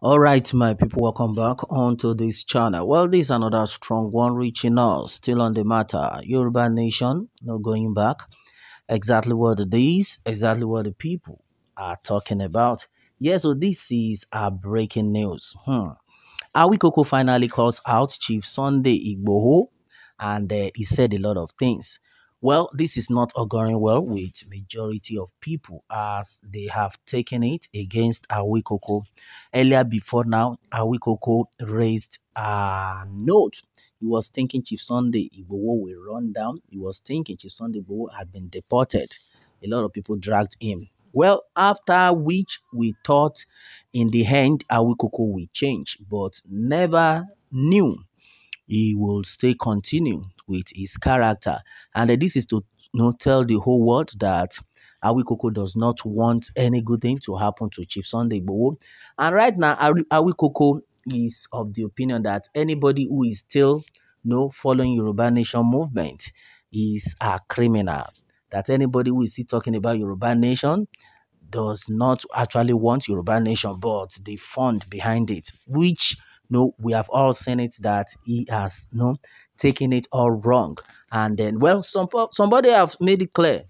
all right my people welcome back onto this channel well this is another strong one reaching us still on the matter yoruba nation no going back exactly what these, exactly what the people are talking about yeah so this is our breaking news hmm awikoko finally calls out chief sunday igboho and uh, he said a lot of things. Well, this is not going well with majority of people as they have taken it against Awikoko. Earlier before now, Awikoko raised a note. He was thinking Chief Sunday Igbowo will run down. He was thinking Chief Sunday Igbowo had been deported. A lot of people dragged him. Well, after which we thought in the end Awikoko will change, but never knew he will still continue with his character. And uh, this is to you know, tell the whole world that Koko does not want any good thing to happen to Chief Sunday Igboho. And right now, Koko is of the opinion that anybody who is still you no know, following Yoruba Nation movement is a criminal. That anybody who is still talking about Yoruba Nation does not actually want Yoruba Nation, but the fund behind it, which no, we have all seen it that he has no taken it all wrong. And then, well, some somebody have made it clear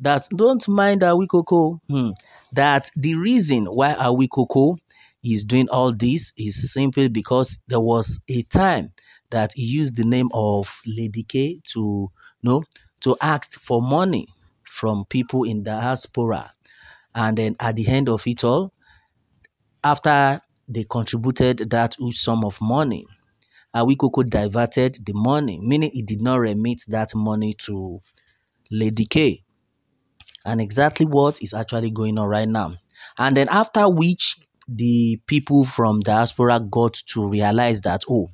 that don't mind Awikoko, hmm, that the reason why Awikoko is doing all this is simply because there was a time that he used the name of Lady K to no to ask for money from people in the diaspora. And then at the end of it all, after they contributed that huge sum of money. Awikoko diverted the money, meaning he did not remit that money to Lady K. And exactly what is actually going on right now. And then after which the people from diaspora got to realize that oh,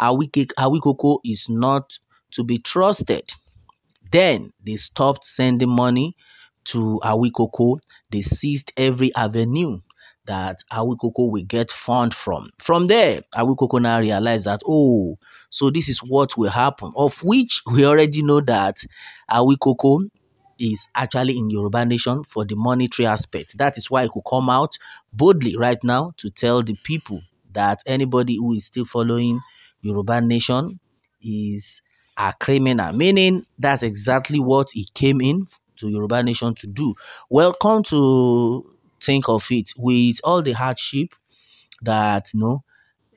Awikoko is not to be trusted. Then they stopped sending money to Awikoko. They seized every avenue that Awikoko will get fund from. From there, Awikoko now realized that, oh, so this is what will happen, of which we already know that Awikoko is actually in Yoruba Nation for the monetary aspect. That is why he could come out boldly right now to tell the people that anybody who is still following Yoruba Nation is a criminal, meaning that's exactly what he came in to Yoruba Nation to do. Welcome to think of it with all the hardship that you know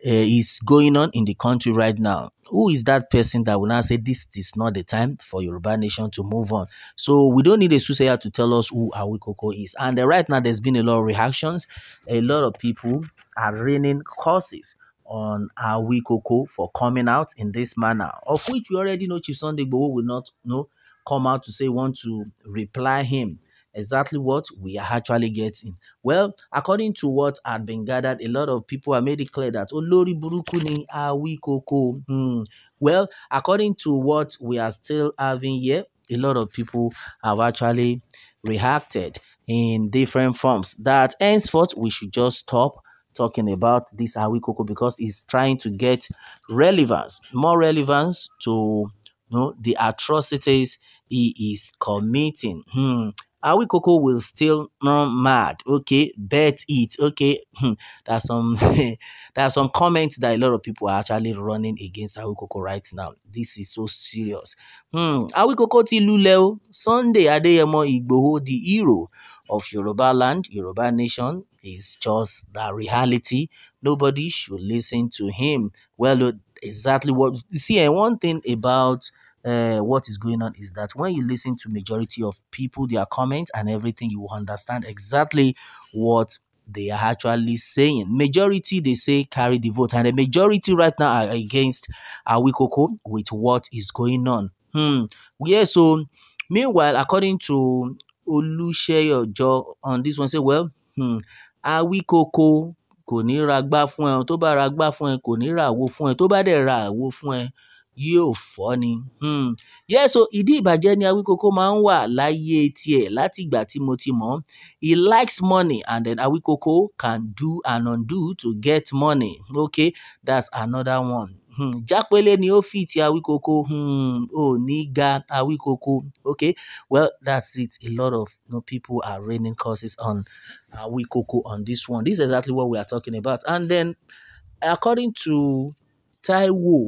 uh, is going on in the country right now. Who is that person that will now say this is not the time for Yoruba nation to move on? So we don't need a soothsayer to tell us who Awikoko is. And uh, right now, there's been a lot of reactions. A lot of people are raining curses on Awikoko for coming out in this manner, of which we already know Chief Sunday Bowo will not know come out to say want to reply him exactly what we are actually getting. Well, according to what had been gathered, a lot of people have made it clear that Olori Burukuni awi koko. Hmm. Well, according to what we are still having here, a lot of people have actually reacted in different forms. That henceforth, we should just stop talking about this Koko because it's trying to get relevance, more relevance to you know, the atrocities he is committing. Hmm. Awikoko will still run mad. Okay, bet it. Okay, there's hmm, some that's some comments that a lot of people are actually running against Awikoko right now. This is so serious. Hmm. Awikoko ti luleo. Sunday Adeyemo Igboho, the hero of Yoruba land, Yoruba nation, is just the reality. Nobody should listen to him. Well, exactly what see. Eh, one thing about uh, what is going on is that when you listen to majority of people, their comments and everything, you will understand exactly what they are actually saying. Majority, they say carry the vote. And the majority right now are against Awikoko with what is going on. Hmm. Yeah, so meanwhile, according to Olusheyojo on this one, say, well, hmm, Awikoko kò ní ra gbá fún ẹ tó bá ra gbá fún ẹ kò ní ra àwo fún ẹ tó bá dẹ̀ ra àwo fún ẹ yóò fọ́ ni. Hmm. yẹ́sọ ìdí ìbàjẹ́ ni Awíkókó máa ń wà láyé tiẹ̀ láti ìgbà tí mo ti mọ̀ he likes money and then Awíkókó can do and undo to get money okay that's another one. Hmm. Jápélé ni ó fi ti Awíkókó hmm. ò oh, ní ga Awíkókó okay well that's it a lot of you know, people are raining curses on Awíkókó on this one this is exactly what we are talking about and then according to Taiwo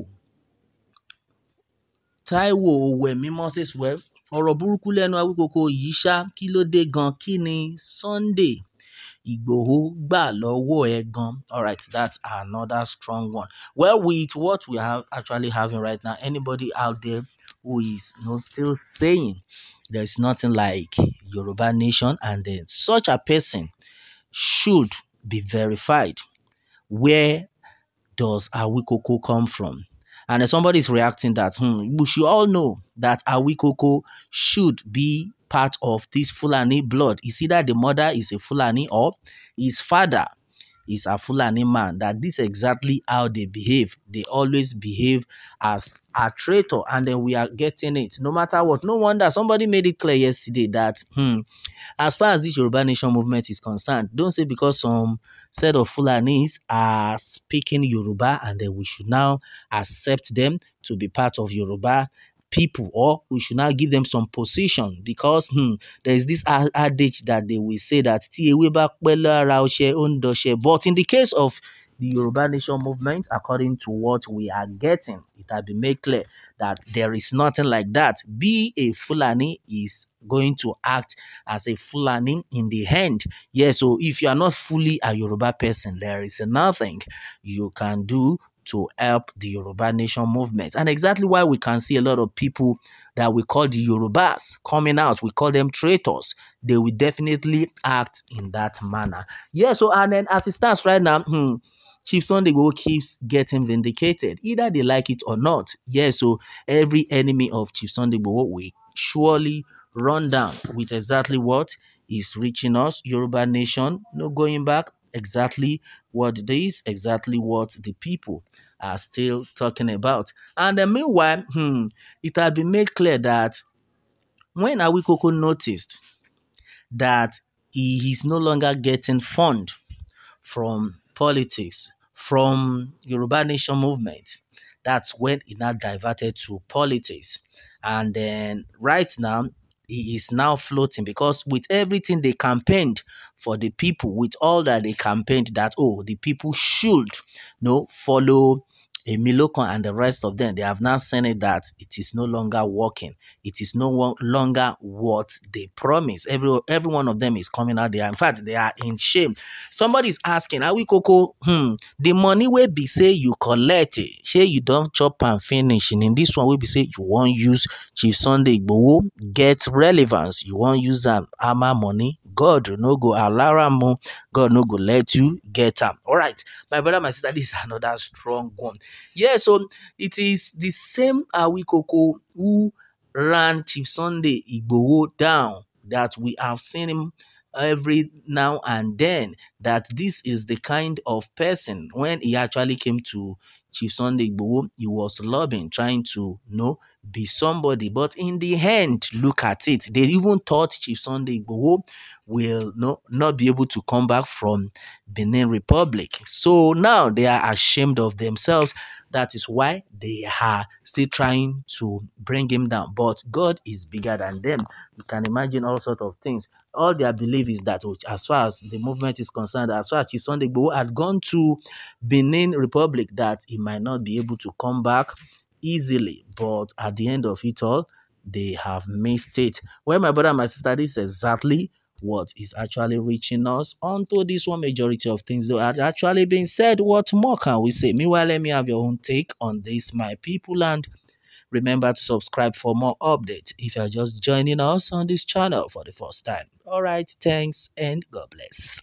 Táíwò Òwẹ̀mí Moses Webb ọ̀rọ̀ burúkú lẹ́nu Awikonko yìí ṣá kí ló dé ní Sunday Igboho gbà lọ́wọ́ ẹ̀ gan-an. right, that's another strong one. Well, with what we are actually having right now, anybody out there who is you know, still saying there's nothing like Yoruba nation and then such a person should be verified. Where does Awikoko come from? and somebody is reacting that hmm, we should all know that Awikoko should be part of this Fulani blood. It's either the mother is a Fulani or his father is a Fulani man that this exactly how they behave. They always behave as a traitor, and then we are getting it no matter what. No wonder somebody made it clear yesterday that hmm, as far as this Yoruba Nation movement is concerned, don't say because some set of Fulanis are speaking Yoruba and then we should now accept them to be part of Yoruba people or we should now give them some position because hmm, there is this adage that they will say that but in the case of the Yoruba Nation movement, according to what we are getting, it has been made clear that there is nothing like that. Be a Fulani is going to act as a Fulani in the end. Yes, yeah, so if you are not fully a Yoruba person, there is nothing you can do to help the Yoruba nation movement. And exactly why we can see a lot of people that we call the Yorubas coming out, we call them traitors. They will definitely act in that manner. Yeah, so and then as it starts right now, hmm, Chief Sunday keeps getting vindicated, either they like it or not. Yeah, so every enemy of Chief Sunday will surely run down with exactly what is reaching us. Yoruba Nation, no going back, exactly what it is, exactly what the people are still talking about. And then meanwhile, hmm, it had been made clear that when Awikoko noticed that he is no longer getting fund from politics, from Yoruba Nation movement, that's when he now diverted to politics. And then right now, he is now floating because with everything they campaigned for the people, with all that they campaigned that, oh, the people should you know, follow A Emilokun and the rest of them, they have now seen it that it is no longer working. It is no longer what they promise. Every, every one of them is coming out there. In fact, they are in shame. Somebody is asking, Are we Coco? Hmm, the money will be say you collect it. Say you don't chop and finish. And in this one, will be say you won't use Chief Sunday Igbowo. Get relevance. You won't use um, armor money. God no go allow am. God no go let you get up. All right, my brother, my sister, this is another strong one. Yeah, so it is the same Awikoko who ran Chief Sunday Igboho down that we have seen him every now and then that this is the kind of person when he actually came to Chief Sunday Igboho, he was lobbying, trying to you know be somebody. But in the end, look at it. They even thought Chief Sunday Igboho will no, not be able to come back from Benin Republic. So now they are ashamed of themselves. That is why they are still trying to bring him down. But God is bigger than them. You can imagine all sorts of things. All their belief is that, oh, as far as the movement is concerned, as far as Chief Sunday Igboho had gone to Benin Republic, that he might not be able to come back easily. But at the end of it all, they have missed it. Well, my brother and my sister, this is exactly what is actually reaching us onto this one majority of things that are actually being said. What more can we say? Meanwhile, let me have your own take on this, my people, and remember to subscribe for more updates if you're just joining us on this channel for the first time. All right, thanks and God bless.